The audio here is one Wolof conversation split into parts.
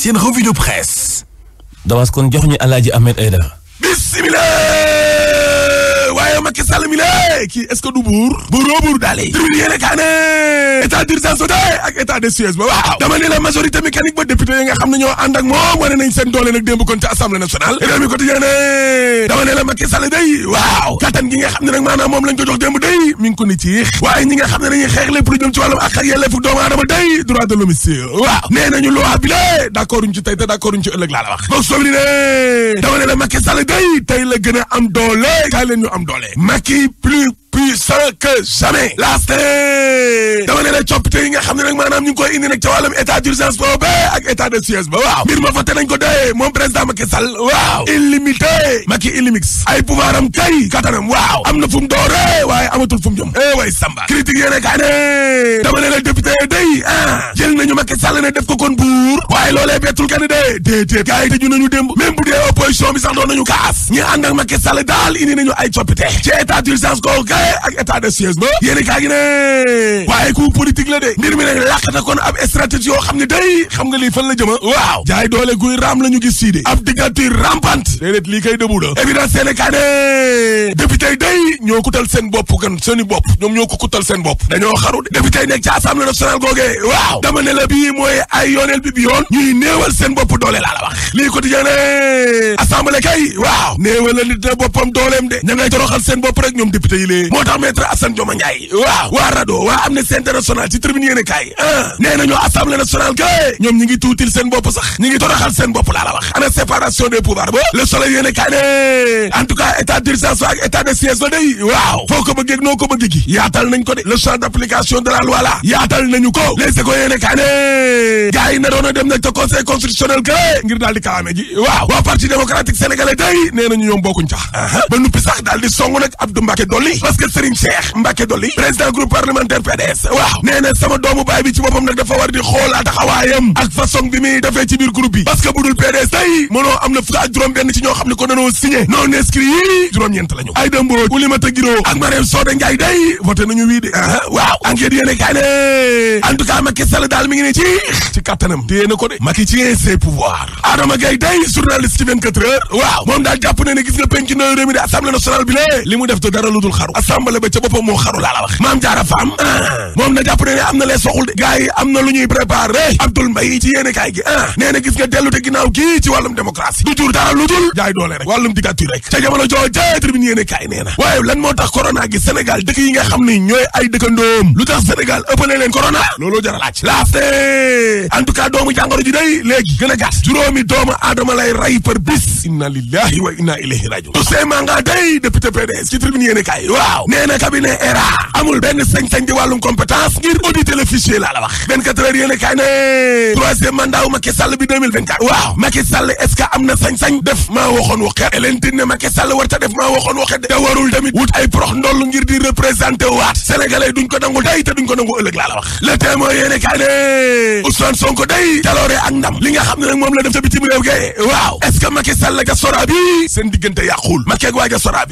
seen revue de presse. Dawas kon jox ñu Alaaji Ahmed Aidara. bisimilah. président Macky Sall kii est du buur buuroo buur daal tribune yéene kaa état d'urgence de ak état de siège waaw dama ne majorité mécanique ba député yi nga xam ne ñoo ànd moom wane nañ seen doole nag démb kon ci assemblée nationale mi quotidien ne dama ne la Macky waaw kattan gi nga xam ne nag maanaam moom lañ ko jox day mi ngi ko ni ci nga xam ne dañuy xeex lépp lu jëm ci wàllum ak ak yelleefu doomu day droit de l'homme a am Macky plus plus serein que jamais laaste dama ne la coppite yi nga xam ne nag maanaam ñu ngi koy indi nag ca wàllum état ak état de siège ba waaw mbir ma fàtte nañ ko dee moom président Macky Sall waaw illimité Macky illimix ay pouvoir am kay kattanam waaw am na fu mu dooree waaye amatul fu mu jëm eh way samba critique yéene kaa ne dama ne la député day ah jël nañu Macky Sall ne def ko kon buur waaye loolee bettul kenn dee dee opposition bi sax doon nañu kaas ñi ànd ak Macky Sall daal ak état de siège ba yéeni kaa gi waaye ku politique la de mbir mi nag làq na kon ab stratégie oo xam ne day xam nga lii fan la jëma waaw jaay doole guy raam la ñu gis sii de ab dictature rampante déedéet lii kay dëbu la évidence yéeni kaa ne député day ñoo kutal seen bopp kan seeni bopp ñoom ñoo ko kutal seen bopp dañoo xaru de député nekk ci assemblée nationale googee waaw dama ne la bii mooy ay yooneel bi bi yoon ñuy néewal seen bopp doole laa la wax lii quotidien assemblée kay waaw néewal la nit na boppam dooleem de ña ñoom député yi tax maître Assane a Ndiaye waaw waa RADDHO waa Amnesty International ci tribune yéen kaay ah nee nañu assemblée nationale kay ñoom ñi ngi tuutil seen bopp sax ñi ngi toroxal seen bopp laa la wax ana séparation des pouvoirs ba le soleil yéen kaay ne en tout cas état d'urgence état de siège la waaw foo ko bëggee noo ko bëgg gi yaatal nañ ko la loi la yaatal nañu ko na doon a dem nag te conseil constitutionnel kay ngir daal di kaame ji waaw waa parti démocratique sénégalais Kër Serigne Cheikh Mbacke Dolli président groupe parlementaire PDS waaw nee sama doomu baay bi ci boppam nag dafa war di xoolaat taxawaayam ak façon bi muy defee ci biir groupe bi parce que bu dul PDS tey am na fukk ak juróom benn ci ñoo xam ne ko danoo signé non inscrit yi juróom-ñeent la ñu ay dëmboo Oulimata Guiro ak Marème Sode Ndiaye day voté nañu wii de ah, waaw enquête yéene kaay ne en tout cas Macky daal mi ngi ne ci ci kattanam téye bambale ba ca boppam moo xaru laa wax maam jaara faam ah, moom na jàpp ne ne am na lees waxul de gars am na lu ñuy préparé Abdoul Mbaye ci yéene kaay gi ah nee na gis nga dellu te ginnaaw gii ci wàllum démocratie du jur dara lu dul jaay doole rek wàllum dictature rek ca jamono jooje tribune yéene kaay nee waaye lan moo tax corona gi Sénégal dëkk yi nga xam ne ñooy ay dëkkandoom lu tax Sénégal ëppale leen corona looloo jar a laaj laaste en a nee na cabinet ERA amul benn sañ-sañ di wàllum compétence ngir auditer le laa la wax 24 heures yéen a kaay ne troisième mandat wu Macky Sall bi waaw Macky Sall est am na sañ-sañ def maa waxoon waxet Elentine ne Macky Sall war ta def maa waxoon waxet da warul tamit wut ay prox ndoll ngir di représenté waat sénégalais duñ ko nangu day te duñ ko nangu ëllëg laa la wax le témoin yéen a kaay ne Ousmane day jaloore ak ndam li nga xam ne nag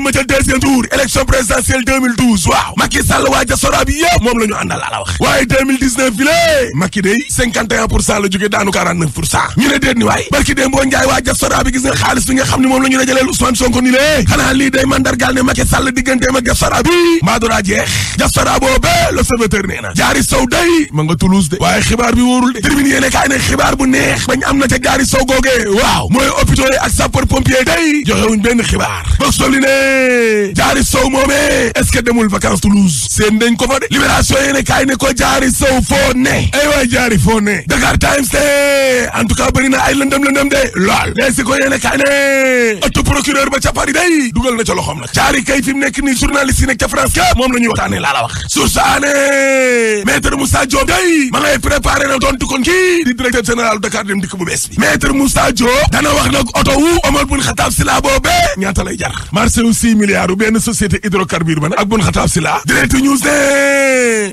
moom Tour élection présidentielle 2012 waaw Macky Sall waaja sora bi moom la ñu àndal la wax waaye 2019 bi lée Macky day 51 pour cent la jógee daanu 49 pour cent ñu ne déet ni waay barki déem boo njaay waaja sora bi xaalis bi nga xam moom la ñu dajaleel Ousmane Sonko ni lée xanaa lii day mandargaal ne Macky Sall digganteem ak Jafsara bi maadora jeex Jafsara boobee l'Observateur jaari sow day ma nga Toulouse de waaye jaari sow moomee est-ce que demul vacances Toulouse seen dañ ko fa de libération yéene kaay ne ko jaari sow foo ne ay waay jaari foo ne Dakar Times te en tout cas bëri na ay lëndëm lëndëm de lool les ko yéene kaay ne ëttu procureur ba ca Paris day dugal na ca loxoom nag jaari kay fi mu nekk nii journaliste yi nekk ca France ka la ñuy waxtaane wax sursaane maître Moussa day ma ngay préparé na doon tukkoon kii di directeur général Dakar dem dikk bu bees bi maître dana wax nag oto wu Omar bun Xataab si laa ñaata lay jar marché société hydrocarbure ba nag ak bun xataab si la direct news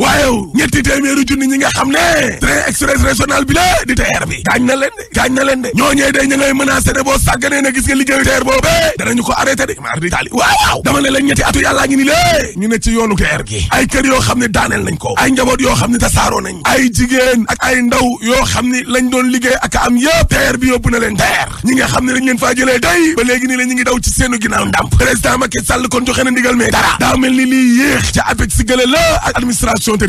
waayow ñetti téeméeri junni ñi nga xam ne train express régional bi di TER bi gaañ na leen de gaañ na leen de ñooñee day ñu ngay menacé ne boo sàgganee na gis nga liggéeyu TER boobee danañu ko arrêté de maar di taali waaw waaw dama ne leen ñetti atu yàllaa ngi ni lée ñu ne ci yoonu TER gi ay kër yoo xam ne daaneel nañ ko ay njaboot yoo xam ne saaroo nañ ay jigéen ak ay ndaw yoo xam ne lañ doon liggéey ak am yëpp TER bi yóbbu na leen TER ñi nga xam ne lañ leen faa jëlee day ba léegi nii la ñu ngi daw joxe na ndigal mais dara daa mel ni lii yéex ca APEX si gële la ak administration ga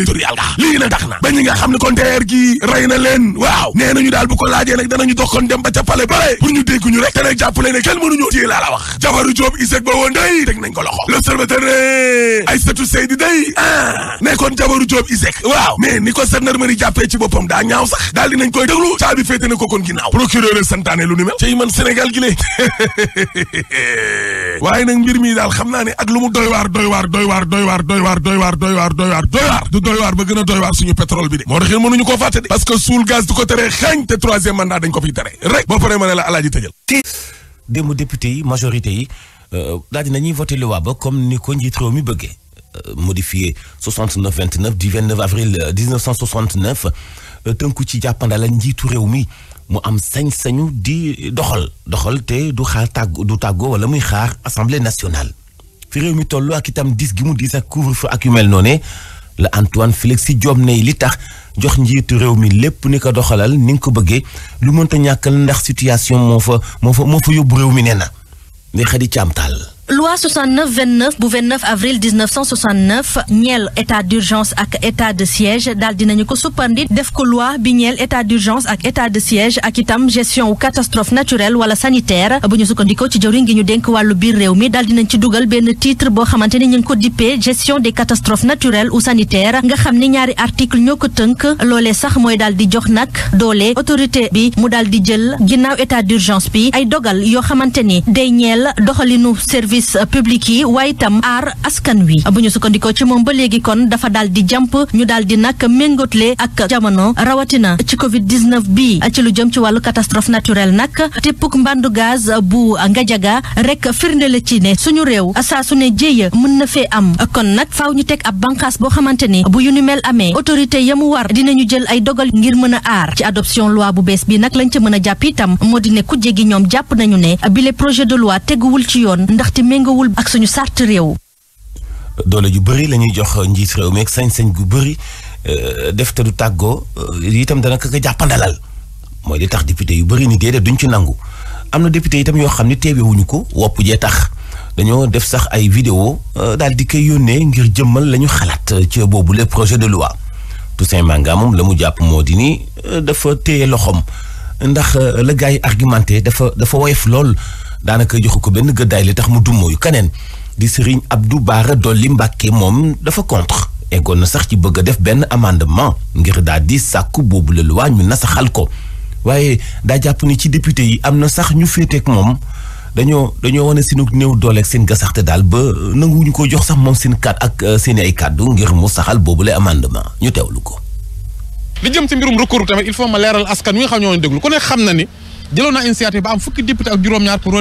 lii na tax na ba nga xam ne kon DER gi rey na leen waaw nee nañu daal bu ko laajee nag danañu dox kon dem ba ca pale bare pour ñu dégg ñu rek te nag jàppale ne kenn mënuñoo téye laa la wax jabaru Joob iseg ba woon day teg nañ ko loxo l'observateur ne Aïssatou Seydi day ah ne kon jabaru Joob iseg waaw mais ni ko gendarmerie jàppee ci boppam daa ñaaw sax daal dinañ koy déglu caabi féete na ko kon ginnaaw procureur waaye nag mbir mi daal xam naa ne ak lu mu doy waar doy waar doy waar du doy ba gën a doy waar suñu pétrole bi de moo tax it dañ ko fiy tere rek boo paree ma ne la alaaji tëjal démb député yi majorité yi euh, daal di nañuy voté loi ba comme ni ko njiit réew mi bëggee modifié 69 29 du 29 avril 1969 euh, euh, tënku ci jàppandala njiitu réew mi mu am sañ-sañu di doxal doxal te du xaar tàgg du tàggoo wala muy xaar assemblée nationale. fi réew mi toll ak itam dis gi mu dis ak couvre-feu ak yu mel noone la Antoine Félix Diome ne li tax jox njiitu réew mi lépp ni ko doxalal ni nga ko bëggee lu mënta ñàkkal ndax situation moo fa moo fa moo fa yóbbu réew mi nee na. mais xadi caamtaal loi 69 29 bu 29 avril 1969 ñeel état d'urgence ak état de siège daal dinañu ko suppandi def ko loi bi ñeel état d'urgence ak état de siège ak itam gestion wu catastrophe naturelle wala sanitaire bu ñu sukkandikoo ci jëwriñ ngi ñu dénk wàllu biir réew mi daal dinañ ci dugal benn titre boo xamante ni ñu ngi ko dippee gestion des catastrophes naturelles ou sanitaires nga xam ni ñaari article ñoo ko tënk loolee sax mooy daal di jox nag doole autorité bi mu daal di jël ginnaaw état d'urgence bi ay dogal yoo xamante ni day service public yi waaye itam aar askan wi bu ñu sukkandikoo ci moom ba léegi kon dafa daal di jàmp ñu daal di nag ak jamono rawatina ci Covid 19 bii ci lu jëm ci wàllu catastrophe naturelle nag teppuk mbandu gaz bu Ngajaga rek firnde la ci ne suñu réew saa su ne jéeya mën na fee am kon nag faaw ñu teg ab bànqaas boo xamante ni bu yu ni mel amee autorité mu war dinañu jël ay dogal ngir mën a aar ci adoption loi bu bees bi nag lañ ca mën a jàpp itam moo di ne kujje ñoom jàpp nañu ne bile projet de loi ci yoon méngawul ak suñu sart réew. doole ju bëri la ñuy jox njiit réew mi ak sañ-sañ gu bëri euh, def te du tàggoo euh, itam dana ko jàppandalal mooy li tax député yu bëri ni déedéet duñ ci nangu am na député itam yoo xam ne teewewuñu ko woppu jee tax dañoo def sax ay vidéo euh, daal di koy yónnee ngir jëmmal lañu xalaat ci boobu le projet de loi Toussaint Manga moom la mu jàpp moo di ni dafa téye loxoom ndax la gars yi argumenté dafa dafa woyof lool daanaka joxu ko benn gëddaay li tax mu dummóoyu kaneen di Serigne Abdou Bara Dolly Mbàkke moom dafa contre eggoon na sax ci bëgg a def benn amendement ngir daal di sàkku boobu la lu luwaa ñu saxal ko waaye daa jàpp ni ci député yi am na sax ñu féeteek moom dañoo dañoo wane seen néew dooleeg seen gasaxte daal ba nanguwuñu ko jox sax moom seen kàddu ak euh, seen ay kàddu ngir mu saxal boobu la amendement ñu teewlu ko. li jëm si mbirum recours tamit il faut ma leeral askan wi nga xam ñoo ñu déglu ku ne xam na ni jëloon naa initiative ba am fukki député ak juróom-ñaar pour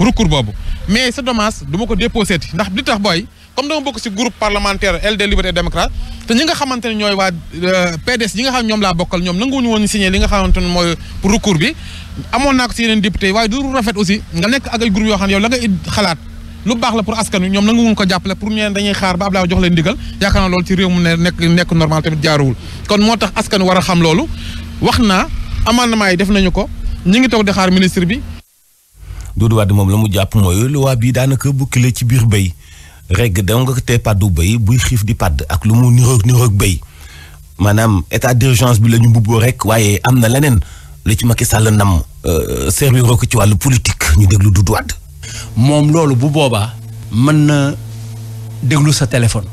recours boobu mais c'est dommage du ko déposé ti ndax li tax booy comme dama bokk ci groupe parlementaire LD Liberté et Démocrate te ñi nga xamante ne ñooy waa euh, PDS ñi nga xam ñoom laa bokkal ñoom nanguwuñu woon signé li nga xamante ne mooy pour recours bi amoon naa ko ci yeneen député waaye du rafet aussi nga nekk ak ay groupe yoo xam ne yow la xalaat lu baax la pour askan wi ñoom nangu wuñ ko jàppale pour ñu dañuy xaar ba Abdoulaye jox leen ndigal yaakaar naa loolu ci réew mu ne nekk nekk normal tamit jaaruwul kon moo tax askan war a xam loolu wax naa amendement yi def nañu ko ñi ngi toog di xaar ministre bi. Doudou Wade moom la mu jàpp mooy loi bii daanaka bukki la ci biir béy rek da nga tee pàddu béy buy xiif di padd ak lu mu niroog niroog bay maanaam état d'urgence bi la ñu mbubboo rek waaye am na leneen lu ci Macky Sall nam euh, servir ko ci wàllu politique ñu déglu Doudou Wade. moom loolu bu boobaa mën na déglu sa téléphone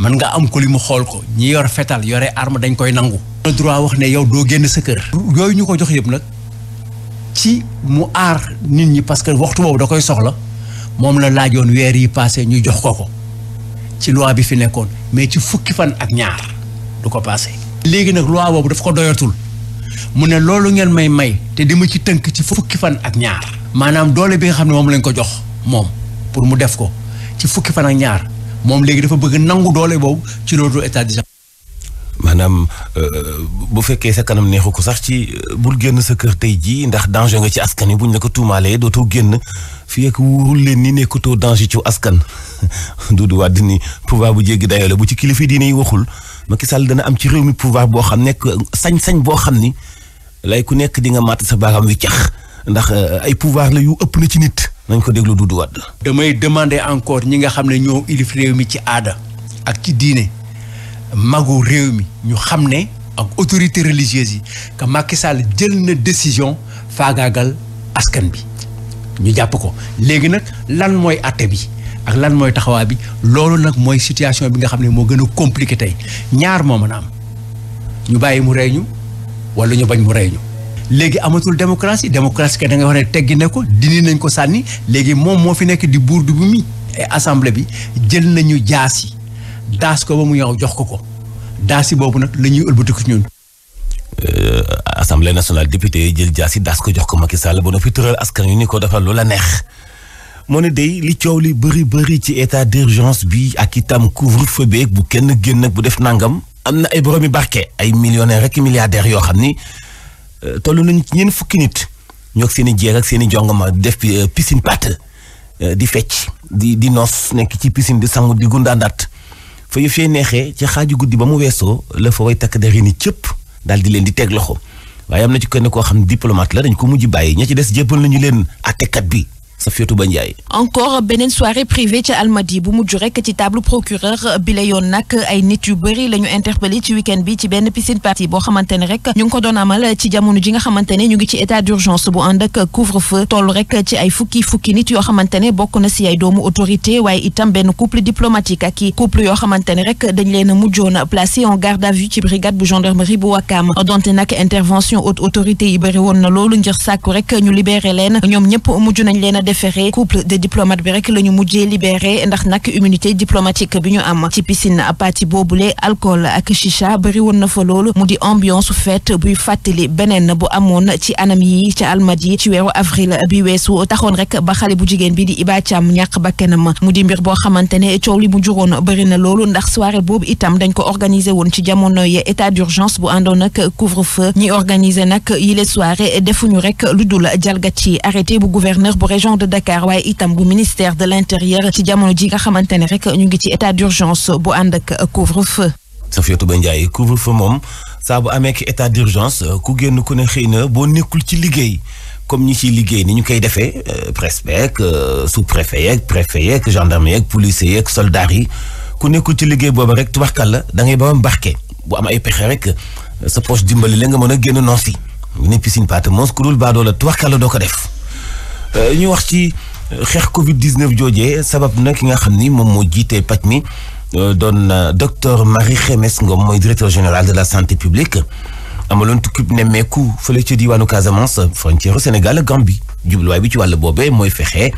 mën nga am ko li mu xool ko ñi yor fetal yore arme dañ koy nangu. na droit wax ne yow doo génn sa kër. yooyu ñu ko jox yëpp nag ci mu aar nit ñi parce que waxtu boobu da koy soxla moom la laajoon weer yi passé ñu jox ko ko ci loi bi fi nekkoon mais ci fukki fan ak ñaar du ko passé. léegi nag loi boobu daf ko doyatul mu ne loolu ngeen may may te di ma ci tënk ci fukki fan ak ñaar. maanaam doole bi nga xam ne moom lañ ko jox moom pour mu def ko ci fukki fan ñaar moom léegi dafa bëgg nangu doole boobu ci loolu état d'urgence. maanaam euh, bu fekkee sa kanam neexu ko sax ci euh, bul génn sa kër tey jii ndax danger nga ci askan yi buñ la ko tuumaalee dootoo génn fii ak wuurul leen ni nekkutoo danger ci askan. Doudou Wade ni pouvoir bu jéggi dayoo la bu ci kilifa diine yi waxul Macky Sall dana am ci réew mi pouvoir boo xam nekk sañ-sañ boo xam ni lay ku nekk di nga màtt sa baaraam wi ndax euh, ay pouvoir la yu ëpp na ci nit nañ ko déglu Doudou Wade damay demande encore ñi nga xam ne ñoo ilif réew mi ci aada ak ci diine magu réew mi ñu xam ne ak autorité religieuse yi que Macky Sall jël na décision faagaagal askan bi ñu jàpp ko léegi nag lan mooy àtte bi ak lan mooy taxawaa bi loolu nag mooy situation bi nga xam ne moo gën a compliqué tey ñaar moo mën a am ñu bàyyi mu rey ñu wala ñu bañ mu rey ñu léegi amatul démocratie démocratie kay da nga wax ne teggi ne ko dindi nañ ko sànni léegi moom moo fi nekk di buur du bu mi assemblée bi jël nañu jaas yi daas ko ba mu yow jox ko ko daas yi boobu nag la ñuy ëlbatiku ñun. Euh, assemblée nationale député jël jaas yi daas ko jox ko Macky Sall ba noppi tëral askan wi ni ko dafa lu la neex. moo ne dey li coow li bëri bëri ci état d'urgence bi ak itam couvre-feu beeg bu kenn génn bu def nangam am na ay boroomi barke ay millionnaires rek milliardaires yoo xam ni. Euh, toll nañu ci ñeen fukki nit ñoo seen i jeeg ak seen i jongoma def euh, piscine pàtt euh, di fecc di di noos nekk ci piscine di sangu di gundaandaat fa yëf yee neexee ci xaaju guddi ba mu weesoo la fa way takk der yi ni cëpp daal di leen di teg loxo waaye am na ci kenn koo xam diplomate la dañ ko mujj bàyyi ña ci des jébbal nañu leen àttekat bi Safiatou Ba Ndiaye encore beneen soirée privée ca Almadi bu mujj rek ci table procureur bi la yoon nag ay nit yu bëri la ñu ci week-end bi ci benn piscine party boo xamante ne rek ñu ngi ko doon amal ci jamono ji nga xamante ne ñu ngi ci état d'urgence bu ànd ak couvre-feu toll rek ci ay fukki fukki nit yoo xamante ne bokk na si ay doomu autorité waaye itam benn couple diplomatique ak i couple yoo xamante ne rek dañ leen a mujjoon placé en garde à vue ci brigade yi bëri woon na loolu ngir sàkku rek ñu libéré leen ñoom ñëpp mujj nañ leen a déféré couple de diplomate bi rek la ñu mujjee libéré ndax nag immunité diplomatique bi ñu am ci piscine pati boobule alcool ak chicha bëri woon na fa loolu mu di ambiance fête buy fàttali beneen bu amoon ci anam yi ca almadi ci weeru avril bi weesu taxoon rek ba xale bu jigéen bi di Iba Thiam ñàkk bakkanam mu di mbir boo xamante ne coow li mu juróon bëri na loolu ndax soirée boobu itam dañ ko organiser woon ci jamonoy état d'urgence de Dakar waaye itam bu ministère de l'intérieur ci jamono ji nga xamante ne rek ñu ngi ci état d'urgence bu ànd ak couvre-feu. Safietou Ba Ndiaye couvre-feu moom saa bu amee ki état d'urgence ku génn ko ne xëy na boo nekkul ci liggéey. comme ñi ciy liggéey ni ñu koy defee euh, presse beeg euh, sous-préfet yeeg préfet yeeg gendarme yeeg policier yeeg soldats yi ku nekkul ci liggéey boobu rek tubaxkal la da ngay ba mbarke bu am ay pexe rek sa poche dimbali la nga mën a génn noos yi. ñu ne piscine pâte moos ku dul baadoo la doo ko def. Euh, ñu wax ci euh, xeex Covid 19 joojee sabab na ki nga xam ni moom moo jiite paj mi euh, doon docteur Marie Xemes Ngom mooy directeur général de la santé publique amaloon tukkib nemmeeku fële ca diwaanu Casamance frontière Sénégal ak Gambie jubluwaay bi ci wàll boobee mooy fexe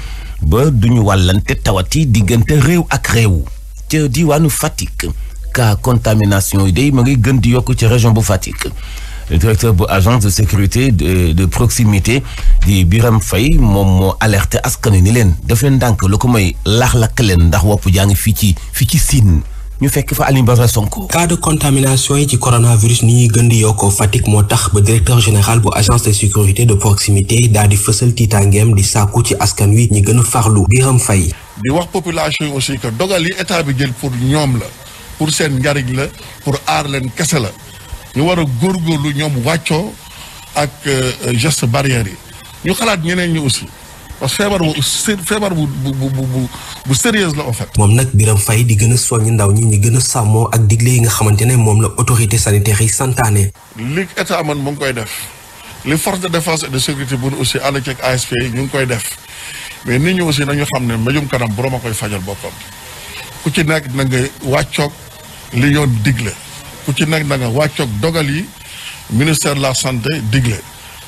ba du ñu wàllante tawati diggante réew ak réew ca diwaanu Fatick cas contamination yi day ma ngi gën di yokk ci région bu Fatick. directeur bu agence de sécurité de de proximité di Biram fay moom moo alerté askanu ni leen daf leen ndànk lu ko may laax-lakk leen ndax wopp jaa ngi fii ci fii ci Sine ñu fekk fa Alioune Badara Sonko. cas de contamination yi ci coronavirus ni ñuy gën di yokkoo Fatick moo tax ba directeur général bu agence de sécurité de proximité daal di fësal tiitaangeem di sàkku ci askan wi ñi gën a farlu Biram Faye di wax population yi aussi que dogal yi état bi jël pour ñoom la pour seen njariñ la pour aar kese la. ñu war a góorgóorlu ñoom wàccoo ak euh, geste barrière yi ñu xalaat ñeneen ñi aussi parce que feebar bu feebar bu bu bu bu sérieuse la en fait. moom nag Birame fay di gën a soññ ndaw ñi ñu gën a sàmmoo ak digle yi nga xamante ne moom la autorité sanitaire yi santaane. li état man mu ngi koy def li force de défense et de sécurité bu aussi ànd ceeg ASP yi ñu ngi koy def mais nit ñi aussi nañu xam ne mbéjum kanam borom a koy fajal boppam ku ci nekk na nga wàccoog li yoon digle. ku ci nekk na nga wàccoog dogal yi ministère la santé digle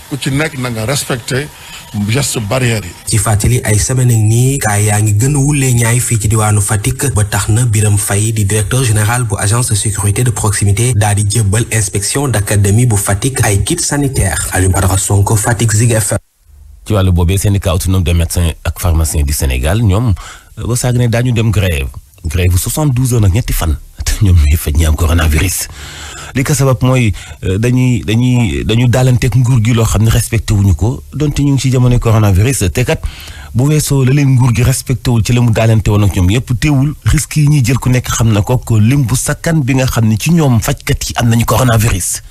ku ci nekk na nga respecté geste barrière yi. ci fàttali ay semaine ak nii kaa yaa ngi gën a wulee ñaay fii ci diwaanu Fatick ba tax na Birame fay di directeur général bu agence de sécurité de proximité daal di jébbal inspection d'académie bu Fatick ay kit sanitaire Aliou Badara Sonko Fatick Zik FM. ci wàllu boobee syndicat autonome des médecins ak pharmaciens du Sénégal ñoom euh, ba saag ne daañu dem grève grève bu 72 heures ak ñetti fan. ñoom ñooy faj ñi am coronavirus li ko sabab mooy euh, dañuy dañuy dañu daalanteeg nguur gi loo xam ne respecté wuñu ko donte ñu ngi ci jamonoy coronavirus te kat bu weesoo la leen nguur gi respecté wul ci la mu daalante woon ak ñoom yëpp teewul risques yi ñuy jël ku nekk xam na ko lim bu sakkan bi nga xam ne ci ñoom fajkat yi am nañu coronavirus.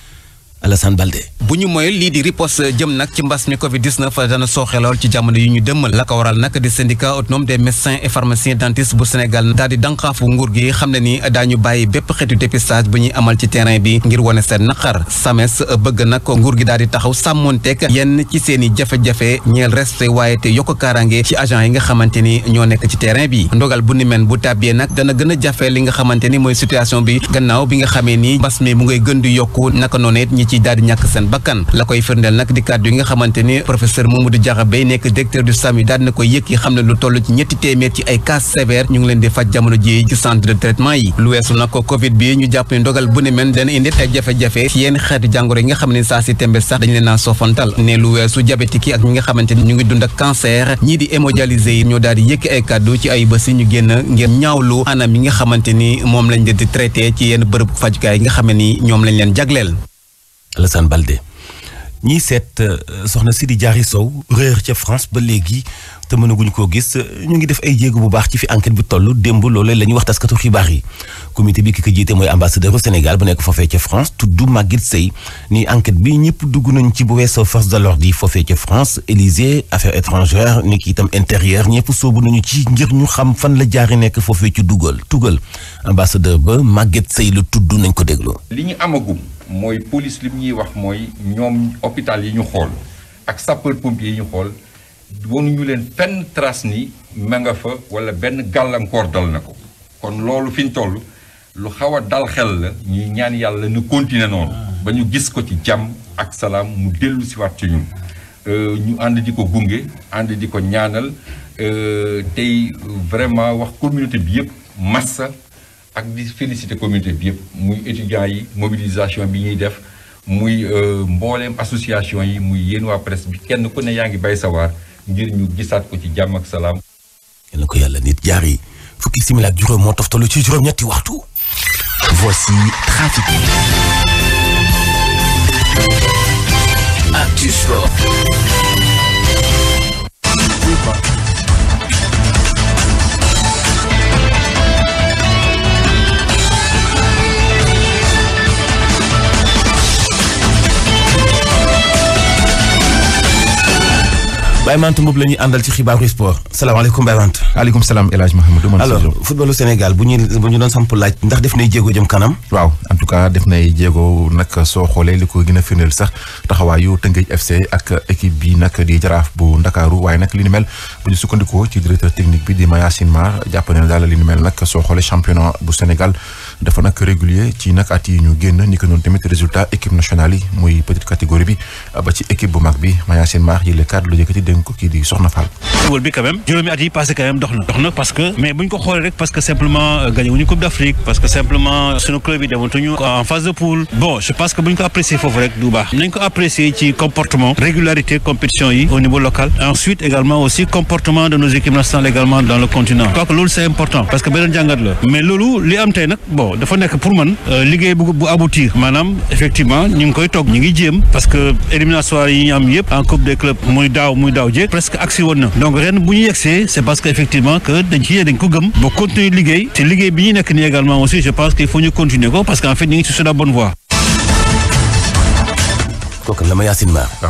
Alassane Balde. bu ñu moyul lii di riposte jëm nag ci mbas mi Covid 19 dana sooxe lool ci jamono yi ñu dëmmal la ko di syndicat autonome des médecins et pharmaciens dentistes bu Sénégal daal di dànqaafu nguur gi xam ne ni daañu bàyyi bépp xeetu dépistage bu ñuy amal ci terrain bi ngir wane seen naqar SAMES bëgg nag nguur gi daal di taxaw sàmmonteeg yenn ci seen jafe-jafe ñeel respect waaye te yokk kaaraange ci agent yi nga xamante ni ñoo nekk ci terrain bi ndogal bu a jafe li nga bi gannaaw bi ci daal di ñàkk seen bakkan la koy firndeel nag di kàddu yi nga xamante ni professeur Mamadou Diarra Bèye nekk directeur du sam daal daadina koy yëkk yi xam ne lu toll ci ñetti téeméer ci ay cas sévère ñu ngi leen di faj jamono ji ci centre de traitement yi lu weesu nag ko covid bi ñu jàpp ne ndogal bu ne dana indi ay jafe-jafe ci yenn xeetu jàngoro yi nga xam ne saa si tembe sax dañu leen naa soofantal ne lu weesu diabétique yi ak ñi nga xamante ni ñu ngi dund ak cancer ñii di hémodialysé daal di yëkki ay kàddu ci ay bés yi ñu génn ngir ñaawlu anam yi nga xamante ni moom lañ leen di traité ci yenn bërëb fajukaay yi nga xam ne ni ñoom lañ leen jagleel Alassane Balde ñiy seet euh, soxna di jaari Sow réer ca France ba léegi te mënaguñ koo gis ñu ngi def ay jéego bu baax ci fi enquête bi toll démb loole la ñuy wax taskatu xibaar yi comité bi ki ko jiite mooy ambassadeur Sénégal bu nekk foofee ca France tudd Maguette Sey ni enquête bi ñëpp dugg nañ ci bu weesoo force de l'ordre yi foofee ca France Élysée affaires étrangères ni ki tam intérieur ñëpp soobu nañu ci ngir ñu xam fan la jaari nekk foofee ci dugal tugal ambassadeur ba Maguette Sey la tudd nañ ko déglu. mooy police li mu ñuy wax mooy ñoom hôpital yi ñu xool ak sapeur pompier yi ñu xool wanuñu leen fenn trace ni ma nga fa wala benn gàllankoor dal na ko kon loolu fi ñu toll lu xaw a dal xel la ñuy ñaan yàlla nu continuer noonu ba ñu gis ko ci jàmm ak salaam mu dellu si waat ci ñun euh, ñu ànd di ko gunge ànd di ko ñaanal euh, tey vraiment wax communauté bi yëpp massa ak di féliciter communauté bi yëpp muy étudiants yi mobilisation bi ñuy def muy euh, mbooleem association yi muy yéen waa presse bi kenn ku ne yaa ngi bay sawaar ngir ñu gisaat ko ci jàmm ak salaam. kenn ko yàlla nit jaar yi fukki simila juróom moo toftalu ci juróom-ñetti waxtu. voici trafic yi. Baye Mante Mboub la ñuy àndal ci xibaaru sport salaamaaleykum Baye Mante. waaleykum salaam El Hadj Mouhamadou. alors footballu Sénégal bu ñu bu ñu doon samp laaj ndax def nay jéego jëm kanam. waaw en tout cas def nay jéego nag soo xoolee li ko gën a firndeel sax taxawaayu Tëngéej FC ak équipe bi nag di jaraaf bu Ndakaaru waaye nag li ni mel bu ñu sukkandikoo ci directeur technique bi di Mayacine Mar jàpp ne daal li ni mel nag soo xoolee championnat bu Sénégal. dafa nag régulier ci nag at yi ñu génn ni ko noonu tamit résultat équipe nationale yi muy petite catégorie bi ba ci équipe bu mag bi Maya Sène Mar yële kàddu la yëkkati dénk ko kii di Soxna Fall. bi quand même at yi passé quand dox na parce que mais bu ñu ko xoolee rek parce que simplement euh, gagné wuñu Coupe d'Afrique parce que simplement euh, sunu club yi dematuñu en phase de poule je pense que bu ñu ko apprécier foofu rek du baax nañ ko ko dafa nekk pour man euh, liggéey bu bu aboutir maanaam effectivement ñu ngi koy toog ñu ngi jéem parce que éliminatoire yi ñu am yëpp en coupe des clubs muy daaw muy daaw jéeg presque agsi woon na donc ren bu ñu yegsee c'est parce que effectivement que dañ ci yee dañ ko gëm ba continuer liggéey te liggéey bi ñu nekk nii également aussi je pense qu'il faut ñu continuer ko parce que en fait ñu ngi sur la bonne voie. kooku la Mayacine ah,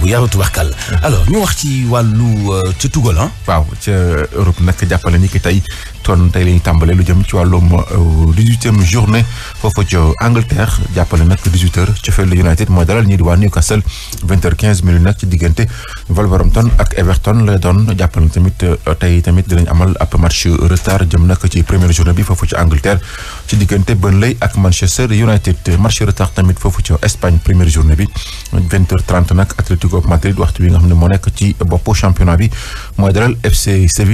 bu yaru tubaarkàlla. Mm-hmm. alors wax ci wàllu euh, ca Tugal la ah. waaw ca Europe nag ni ki tey kon tey la ñuy tàmbale lu jëm ci wàllum euh, dix-huitième journée foofu ci Angleterre jàppale nag dix-huit heures Sheffield United mooy dalal ñii di waa Newcastle vingt heures quinze minutes nag ci diggante Wolverhampton ak Everton lay doon jàppale tamit euh, tey tamit dinañ amal ab match retard jëm nag ci première journée bi foofu ci Angleterre ci diggante Burnley ak Manchester United match retard tamit foofu ci Espagne première journée bi vingt heures trente Madrid waxtu bi nga xam ne moo nekk ci boppu championnat bi mooy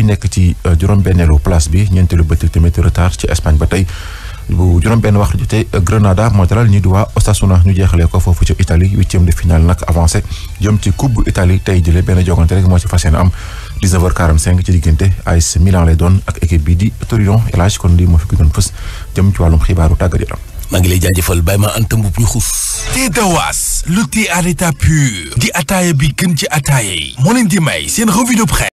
nekk ci euh, juróom-benneelu place bi. bi ñeenteelu bëccëg tamit retard ci Espagne ba tey bu juróom benn waxtu jotee Grenada moo dalal ñi di waa Osasuna ñu jeexalee ko foofu ci Italie huitième de finale nag avancé jëm ci coupe Italie tey jëlee benn jogante rek moo ci fas am ci diggante AS Milan lay doon ak équipe bi di Torino El kon lii moo fi gënoon fës jëm ci wàllum xibaaru tàggat yaram. maa ngi lay jaajëfal bàyyi ma antam bu ñu xuus. te dawaas lu thé à l'état pur di ataaya